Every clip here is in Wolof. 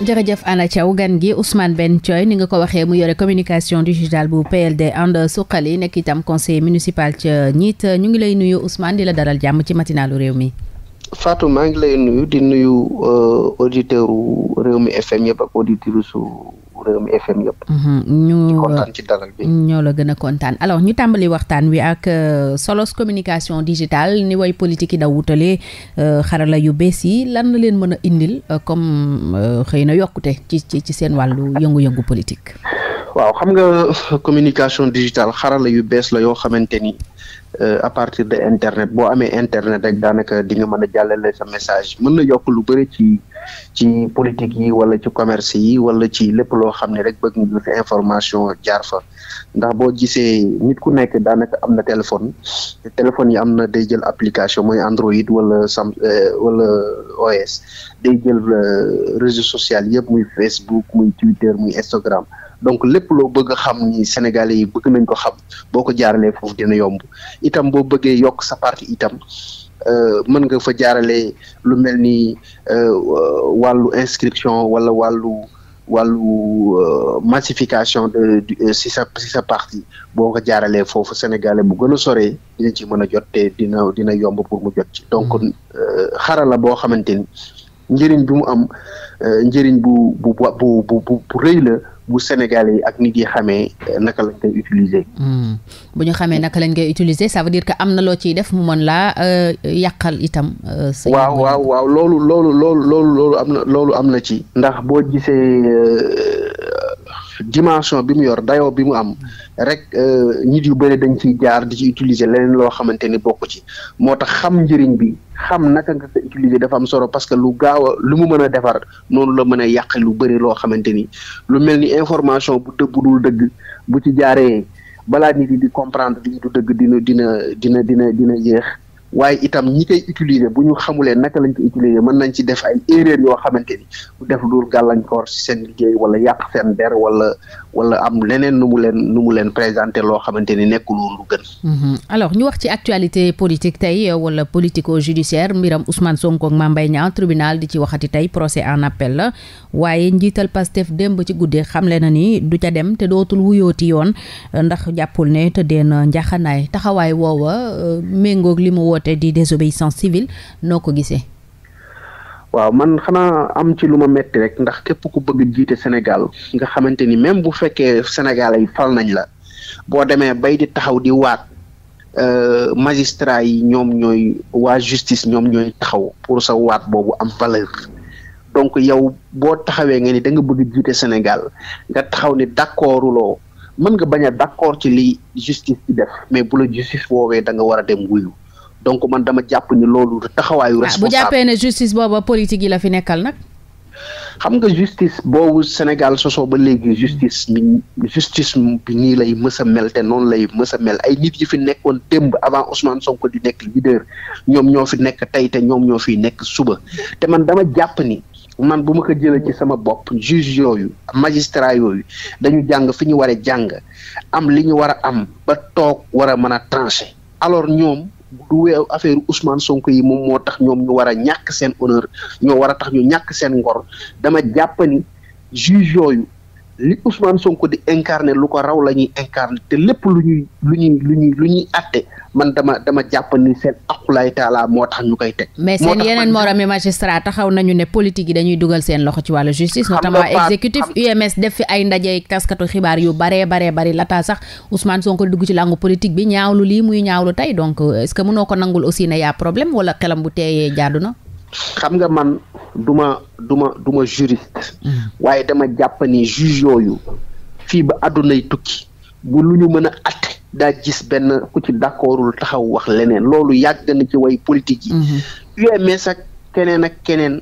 jërëjëf Anna Thiaw gan gi Ousmane benn Thioy ni nga ko waxee mu yore communication digitale bu PLD And Suqali nekk itam conseil municipal ca ñiit ñu ngi lay nuyu Ousmane di la daral jàmm ci matinalu réew mi. Fatou maa ngi lay nuyu di nuyu euh, auditeurs u réew mi FM yëpp ak su Rewmi FM yëpp. Mhm, ñu ñoo la gën a kontaan alors ñu tàmbali waxtaan wi ak euh, solos communication digitale ni way politique yi daw wutale euh, xarala yu bees yi lan la leen mën a indil euh, comme xëy na yokkute ci ci ci seen wàllu yëngu-yëngu politique. waaw xam nga communication digitale xarala yu bees la yoo xamante ni Euh, à partir de internet boo amee internet rek daanaka di nga mën a jàllale sa message mën na yokk lu bëri ci ci politique yi wala ci commerce yi wala ci lépp loo xam ne rek bëgg nga jot information jaar fa ndax boo gisee nit ku nekk daanaka am na téléphone téléphone yi am na day jël application mooy Android wala sam euh, wala OS day jël euh, réseaux sociaux yëpp muy Facebook muy Twitter muy Instagram. donc lépp loo bëgg xam ni Sénégalais yi bëgg nañ ko xam boo ko jaaralee foofu dina yomb itam boo bëggee yokk sa parti itam euh, mën nga fa jaaralee lu mel ni euh, wàllu inscription wala wàllu wàllu euh, massification de si sa si sa parti boo ko jaaralee foofu sénégalais bu gën a soree dina ci mën a jot te dina dina yomb pour mu jot ci donc mm-hmm. xarala boo xamante ni njëriñ bi mu am njëriñ bu bu bu bu la bu Sénégalais yi ak nit yi xamee eh, naka lañ koy utiliser. Hmm. bu ñu xamee naka lañ koy utiliser ça veut dire que am na loo ciy def mu mën laa euh, yàqal itam. Euh, waaw waaw loolu loolu loolu loolu am na ci. ndax boo gisee. Euh, dimension bi mu yor dayoo bi mu am rek euh, nit yu bëri dañ ciy jaar di ci utiliser leneen loo xamante ni bokk ci moo tax xam njëriñ bi xam naka nga ko utiliser dafa am solo parce que lu gaaw a lu mu mën a defar noonu la mën a yàq lu bëri loo xamante ni lu mel ni information bu dëgg bu dul dëgg bu ci jaaree balaa nit yi di comprendre lii du dëgg dina dina dina dina dina yéex. waaye itam ñi koy utiliser bu ñu xamulee naka lañ ko utiliser mën nañ ci def ay erreur yoo xamante ni bu def dul gàllankoor seen liggéey wala yàq seen der wala wala am leneen nu mu leen présenté loo xamante ni nekkul woon lu gën. Mhm. alors ñu wax ci actualité politique tey wala politico judiciaire mbiram Ousmane Sonko ak Mame Mbaye Niang tribunal di ci waxati tey procès en appel la waaye njiital Pastef démb ci guddee xamle na nii du ca dem te dootul wuyooti yoon ndax jàppul ne te deen njaxanaay taxawaay woowa euh, woote di désobéissance civile noo ko gisee. waaw man xanaa am ci lu ma metti rek ndax képp ku bëgg jiite Sénégal nga xamante ni même bu fekkee Sénégalais yi fal nañ la boo demee bay di taxaw di waat euh, magistrat yi ñoom ñooy waa justice ñoom ñooy taxaw pour sa waat boobu am valeur donc yow boo taxawee nga ni da nga bëgg jiite Sénégal nga taxaw ni d'accorduloo mën nga bañ a d'accord ci li justice di def mais bu la justice woowee da nga war a dem wuyu donc man dama jàpp ni loolu taxawaayu ah, responsable bu jàppee ne justice booba politique yi la fi nekkal nag xam nga justice boobu Sénégal sosoo ba léegi justice mi justice bi nii lay mësa a mel te noonu lay mësa mel ay nit yi fi nekkoon démb avant Ousmane Sonko di nekk leader ñoom ñoo fi nekk tey te ñoom ñoo fiy nekk suba te man dama jàpp ni man bu ma ko jëlee ci sama bopp juge yooyu magistrat yooyu dañu jàng fi ñu war a jàng am li ñu war a am ba toog war a mën a tranché alors ñoom du wee affaire Ousmane Sonko yi moom moo tax ñoom ñu war a ñàkk seen honneur ñoo war a tax ñu ñàkk seen ngor dama jàpp ni juge yooyu li Ousmane sonk di incarné lu ko raw la ñuy incarné te lépp lu ñuy lu ñuy lu ñuy lu ñuy àtte man dama dama jàpp ni seen akulaay taalaa moo tax ñu koy teg. mais seen yeneen moroomi magistrat taxaw nañu ne politique yi dañuy dugal seen loxo ci wàllu justice. notamment exécutif UMS def fi ay ndaje taskatu xibaar yu bare baree bari lataa sax Ousmane ko dugg ci làngu politique bi ñaawlu lii muy ñaawlu tey donc euh, est-ce que mënoo ko nangul aussi ne yaa problème wala xelam bu teeyee jaadu na. xam nga man duma duma duma juriste. Mm. waaye dama jàpp ni juge yooyu fii ba àddunay tukki bu lu ñu mën a daa gis benn ku ci d'accordul taxaw wax leneen loolu yàgg na ci way politique yi. Mhm. UMS ak keneen ak keneen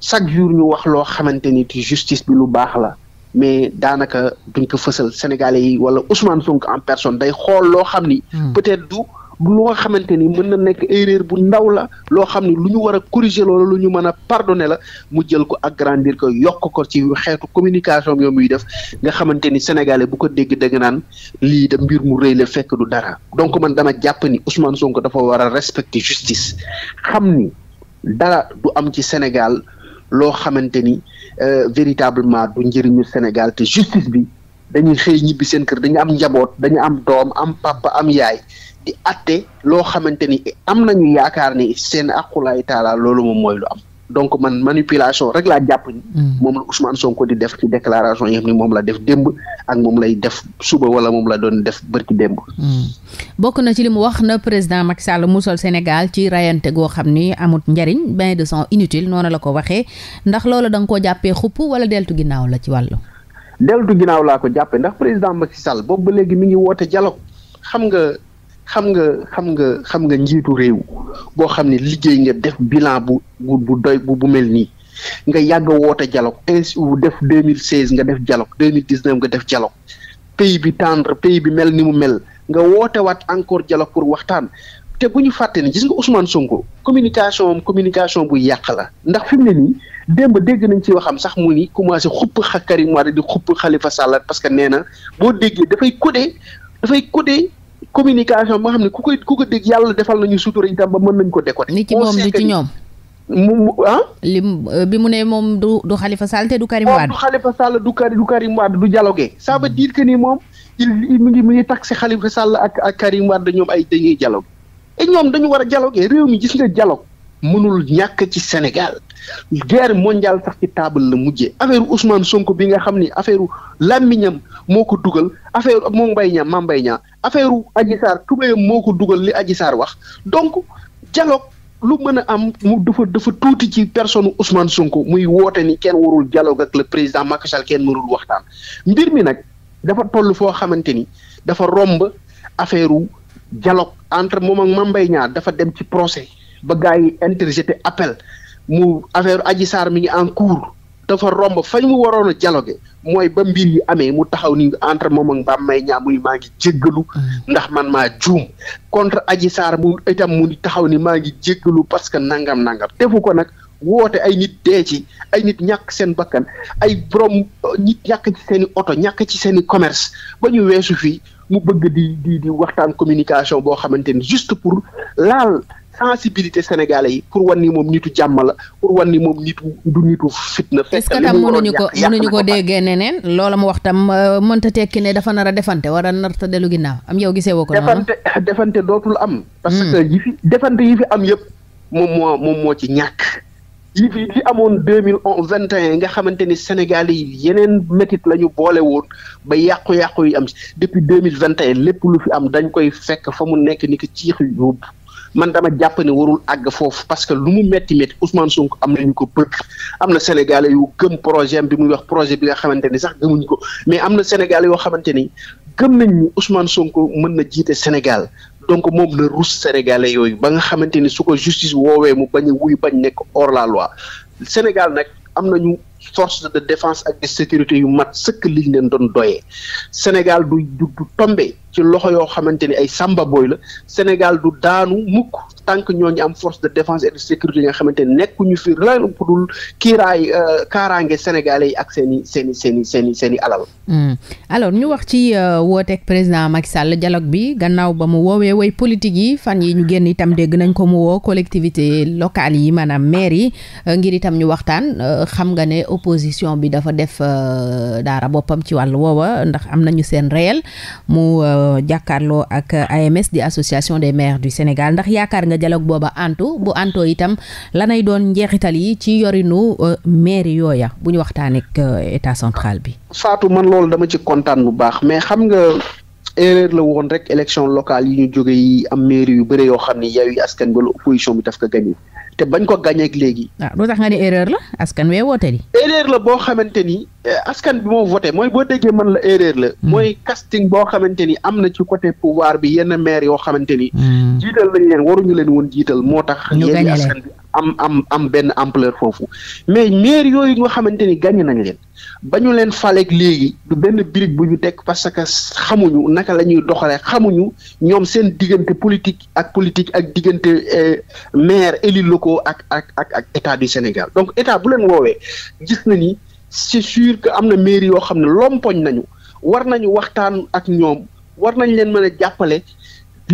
chaque jour ñu wax loo xamante ni ci justice bi lu baax la mais daanaka duñ ko fësal sénégalais yi wala Ousmane Sonko en personne day xool loo xam ni. Mhm. peut-être du. loo xamante ni mën na nekk erreur bu ndaw la loo xam ne lu ñu war a corriger loola lu ñu mën a pardonner la mu jël ko agrandir ko yokk ko ci xeetu communication yooyu muy def nga xamante ni sénégalais bu ko dégg dégg naan lii da mbir mu rëy la fekk du dara donc man dama jàpp ni Ousmane Sonko dafa war a respecter justice xam ni dara du am ci Sénégal loo xamante ni euh, véritablement du njëriñu Sénégal te justice bi dañuy xëy ñibbi seen kër dañu am njaboot dañu am doom am papa am di atte loo xamante ni am nañu yaakaar ni seen aqulaay taala loolu moom mooy lu am donc man manipulation rek laa jàpp ni mm. moom la Ousmane di def ci déclaration yi ni moom la def démb ak moom lay def suba wala moom la doon def bërki démb mm. bokk na ci li mu wax na président Macky Sall musal Sénégal ci rayante goo xam ni amut njariñ bain de sang inutile noonu la ko waxee ndax loolu da nga koo jàppee xupp wala deltu ginnaaw la ci wàllu deltu ginnaaw laa ko jàppee ndax président Macky boobu léegi mi ngi woote dialogue xam nga xam nga xam nga xam nga njiitu réew boo xam ne liggéey nga def bilan bu bu bu doy bu bu mel nii nga yàgg woote dialogue ainsi bu def deux mille seize nga def dialogue deux mille dix neuf nga def dialogue pays bi tendre pays bi mel nii mu mel nga woote waat encore dialogue pour waxtaan te bu ñu fàtte ne gis nga Ousmane Sonko communication communication bu yàq la ndax fi mu ne nii démb dégg nañ ci waxam sax mu ni commencé xupp Karim Wade di xupp Khalifa Sall parce que nee na boo déggee dafay codé dafay codé communication moo xam ne ku koy ku ko dégg yàlla defal nañu sutura itam ba mën nañ ko décoder. ni ci moom du ci ñoom. mu ah. lim euh, bi mu ne moom du du Khalifa Sall te du Karim Wade. du Khalifa Sall du Karim du Karim Wade du dialogué. ça veut mm. dire que ni moom il mu ngi mu ngi taxé Khalifa sàll ak ak Karim Wade ñoom ay dañuy dialogué. et ñoom dañu war a dialogué réew mi gis nga dialogue mënul ñàkk ci Sénégal guerre mondiale sax ci table la mujjee affaire Ousmane Sonko bi nga xam ni affaire làmmiñam moo ko dugal affaire moom Mbaye Niang Mame affaire Adji Sarr tubéyam moo ko dugal li aji Sarr wax donc dialogue lu mën a am mu dafa dafa tuuti ci personne Ousmane Sonko muy woote ni kenn warul dialogue ak président Macky Sall kenn warul waxtaan mbir mi nag dafa toll foo xamante ni dafa romb affaire dialogue entre moom ak Mame Mbaye Niang dafa dem ci procès ba gars yi interjeté appel mu affaire aji Sarr mi ngi en cours dafa romb fañ ñu waroon a dialogué mooy ba mbir yi amee mu taxaw ni entre moom ak Mame Mbaye Niang muy maa ngi jéggalu mm. ndax man maa juum contre aji Sarr mu itam mu ngi taxaw ni maa ngi jéggalu parce que nangam nangam defu ko nag woote ay nit dee ci ay nit ñakk seen bakkan ay borom nit ci seen i oto ñàkk ci seen i commerce ba ñu weesu fii mu bëgg di di waxtaan communication boo xamante ni juste pour laal sensibilité sénégalais yi pour wan ni moom nitu jàmm la pour wan ni moom nitu du nitu fitna. fekk na mu mënuñu ko mënuñu ko déggee neneen loola mu wax tam euh, mënta tekki ne dafa nar a defante war a nar a dellu ginnaaw am yow gisee woo ko. defante defante dootul am. parce hmm. que yi fi defante yi fi am yëpp moom moo moom moo ci ñàkk. fi li amoon deux mille vingt et un nga xamante ni Sénégalais yi yeneen métit la ñu boole woon ba yàqu-yàqu yi am mille vingt et lépp lu fi am dañ koy fekk fa mu nekk ni ko ciix yóbbu man dama jàpp ne warul àgg foofu parce que lu mu métti métti Ousmane sonk am na ñu ko bëgg am na Sénégalais yu gëm projet bi muy wax projet bi nga xamante ni sax gëmuñ ko mais am na Sénégalais yoo xamante ni gëm nañ ni Ousmane Sonko mën na jiite Sénégal donc moom la rus Sénégalais yooyu ba nga xamante ni su ko justice woowee mu bañ a wuy bañ nekk hors la loi Sénégal nag. am nañu force de défense ak de sécurité yu mat sëkk liñ leen doon doyee Sénégal du du tombe ci loxo yoo xamante ni ay sàmba booy la Sénégal du daanu mukk tant que ñooñu am force de défense et de sécurité yi nga xamante ne nekkuñu fi lan pour dul kiiraay euh, kaaraange sénégalais yi ak seen i seen i seen alal. Hmm. alors ñu wax ci euh, wooteeg président Macky Sall dialogue bi gannaaw ba mu woowee woy politique yi fan yi ñu génn itam dégg nañ ko mu woo collectivité locale yi maanaam maire yi euh, ngir itam ñu waxtaan xam nga ne opposition bi dafa def daara boppam ci wàllu woowa ndax am nañu seen réel mu jàkkaarloo ak AMS di association des maires du Sénégal dialogue booba antu bu antoo itam lanay doon njeexital yi ci yorinu euh, mairie yooya bu ñu waxtaan ak euh, état central bi. Fatou man loolu dama ci kontaan bu baax mais xam nga. erreur la woon rek élection locale yi ñu jóge am mairie yu bëre yoo xam ni Yewwi Askan Wi la opposition bi daf ko gagné te bañ ko gagné ak léegi. waaw ah, lu tax nga ni erreur la askan wee woote di. erreur la boo xamante ni eh, askan bi moo voté mooy boo déggee man la erreur la. Hmm. mooy casting boo xamante ni am na ci côté pouvoir bi yenn maire yoo xamante ni. Hmm. jiital lañ leen waruñu leen woon jiital moo tax. ñu gagné am am am benn empleur foofu mais maire yooyu nga xamante ni gagné nañ leen ba ñu leen faleek léegi du benn birig bu ñu tekk parce que xamuñu naka la ñuy doxalee xamuñu ñoom seen diggante politique ak politique ak diggante euh, maire élus locaux ak ak ak ak état du Sénégal donc état bu leen woowee gis na ni c'est sûr que am na maire yoo xam ne lompoñ nañu war nañu waxtaan ak ñoom war nañ leen mën a jàppale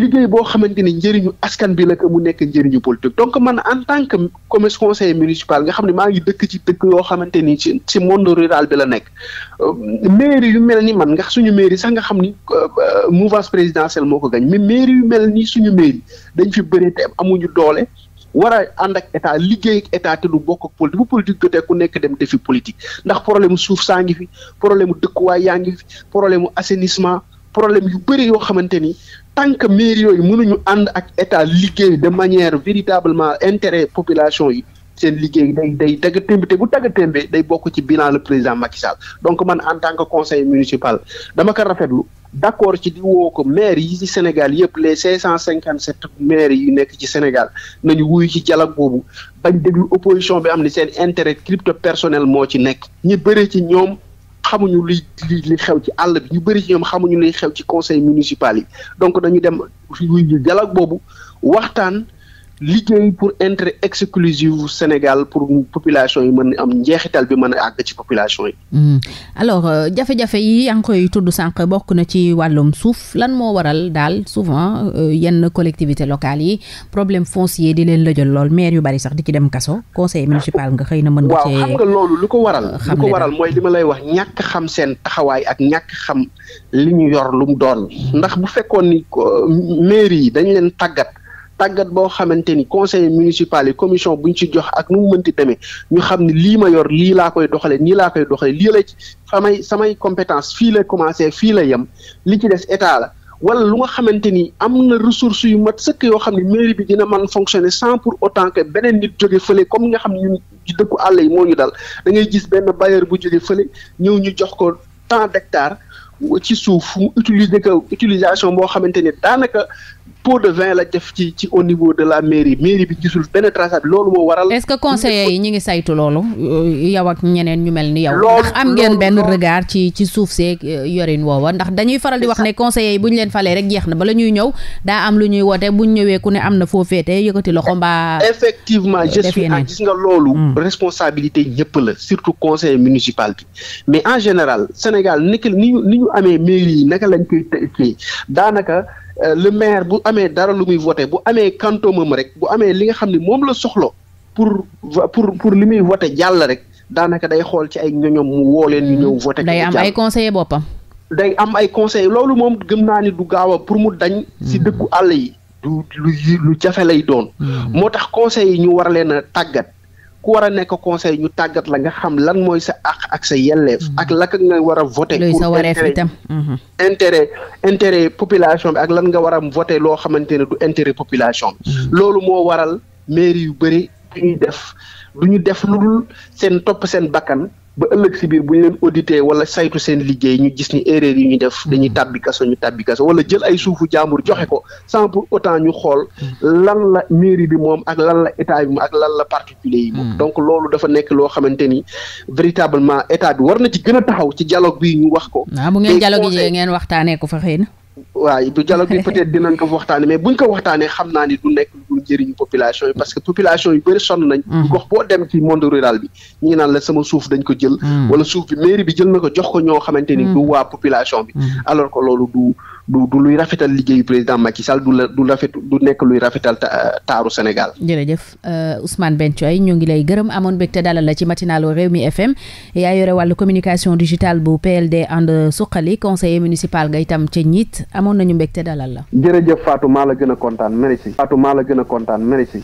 liggéey boo xamante ni njëriñu askan bi la que mu nekk njëriñu politique donc man en tant que comme conseiller municipal nga xam ne maa ngi dëkk ci dëkk yoo xamante ni ci ci monde rural bi la nekk euh, mairie yu mel ni man nga suñu mairie sax nga xam ni euh, euh, mouvance présidentielle moo ko gañ mais mairie yu mel ni suñu mairie dañ fi bëri te amuñu doole war a ànd ak état liggéey ak état te du bokk ak politique bu politique jotee ku nekk dem defi politique ndax problème suuf saa ngi fi problème dëkkuwaay yaa ngi fi problème assainissement problème yu bëri yoo xamante ni tant que maire yooyu mënuñu ànd ak état liggéey de manière véritablement intérêt population yi seen liggéey day day dagga témbe te bu dagga témbe day bokk ci bilan le président Macky Sall donc man en tant que conseil municipal dama ko rafetlu d'accord ci di woo ko maire yi ci Sénégal yëpp les cinq cent cinquante sept maire yu nekk ci Sénégal nañu wuy ci dialogue boobu bañ déglu opposition bi am ni seen intérêt crypto personnel moo ci nekk ñi bëri ci ñoom xamuñu luy li xew ci àll bi ñu bëri ci ñoom xamuñu luy xew ci conseil municipal yi donc dañu dem dialogue boobu waxtaan liggéey pour intérêt exclusif Sénégal pour population yi mën am njeexital bi man a àgg ci population yi. Hmm. alors euh, jafe-jafe yi yaa koy tudd sànq bokk na ci wàllum suuf lan moo waral daal souvent euh, yenn collectivités locales yi problème foncier di leen lëjal lool maire yu bari sax di ci dem kaso conseil municipal nga xëy na mën nga cee. xam nga loolu lu ko waral. Euh, lu ko waral mooy li ma lay wax ñàkk xam seen taxawaay ak ñàkk xam li ñu yor lu mu doon. ndax bu fekkoon ni maire yi dañ leen tàggat. tàggat boo xamante ni conseil municipal yi commission bu ñu ci jox ak nu mu mënti demee ñu xam ne lii ma yor lii laa koy doxalee nii laa koy doxalee lii la samay samay compétence fii la commencé fii la yem li ci des état la wala lu nga xamante ni am na ressource yu ma sëkk yoo xam ne mairie bi dina man fonctionner sans pour autant que beneen nit jóge fële comme nga xam ne ñun dëkku àll yi moo ñu dal dangay gis benn bailleur bu jóge fële ñëw ñu jox ko tant d'hectares ci suuf utiliser ko utilisation boo xamante ni daanaka pot de vin la def ci ci au niveau de la mairie mairie bi gisul benn traçable loolu moo waral. est-ce que conseillers yi ñu ngi saytu loolu euh, yow ak ñeneen ñu mel ni yow. ndax am ngeen benn regard ci ci suuf seeg euh, yorin woowa ndax dañuy faral di wax ne conseillers yi bu ñu leen falee rek jeex na bala ñuy ñëw daa am lu ñuy woote bu ñu ñëwee ku ne am na foo féete yëkkati loxo mbaa. effectivement je suis ah, en gis nga loolu. Hmm. responsabilité ñëpp la surtout conseil municipal bi mais en général Sénégal ni ni ñu amee mairie yi naka lañ koy Euh, le maire bu amee dara lu muy voté bu amee kantoomam rek bu amee li nga xam ne moom la soxla pour pour pour li muy voté jàll rek daanaka day xool ci ay ñoñom mu woo leen ñu ñëw mm, voté. day am ay conseiller boppam. day am ay conseil loolu moom gëm naa ni du gaaw a pour mu dañ. si mm. dëkku àll yi. du lu lu jafe lay doon. Mm. moo tax conseil yi ñu war a leen a tàggat. ku war a nekk conseil ñu tàggat la nga xam lan mooy sa ak sa yelleef. Mhm. ak la ka nga war a voté. pour mhm. intérêt intérêt population bi ak lan nga war a voté loo xamante ne du intérêt population mhm. loolu moo waral mairie yu bëri du def du ñu def lu dul seen topp seen bakkan. ba ëllëg si bu ñu leen audité wala saytu seen liggéey ñu gis ni erreur yi ñu def dañuy hmm. tàbbi kaso ñu tàbbi kaso wala jël ay suufu jàmbur joxe ko sans pour autant ñu xool hmm. lan la mairie bi moom ak lan la état bi moom ak lan la particulier yi moom hmm. donc loolu dafa nekk loo xamante ni véritablement état bi war na ci gën a taxaw ci dialogue bi ñu wax ko waaw ah, bu ngeen dialogue yi ngeen waxtaanee ko fa xëy na waaw du dialogue bi peut-être dinañ ko waxtaane mais buñ ko waxtaanee xam naa ni du nekk lu jëriñu population yi parce que population yu bëri sonn nañ mm-hmm. gox boo dem ci monde rural bi ñu naan la sama suuf dañ ko jël mm-hmm. wala suuf bi mairie bi jël na ko jox ko ñoo xamante ni mm-hmm. du waa population bi alors que loolu du du du luy rafetal liggéeyu président Macky Sall du la du rafet du nekk luy rafetal taaru Sénégal. jërëjëf euh, Ousmane Ben Thioye ñoo ngi lay gërëm amoon te dalal la ci matinalu Rewmi FM yaa yore wàllu communication digitale bu PLD ànd suqali conseiller municipal nga itam ca ñiit amoon nañu mbégte dalal la. jërëjëf Fatou maa la gën a kontaan merci. Fatou maa la gën a kontaan merci.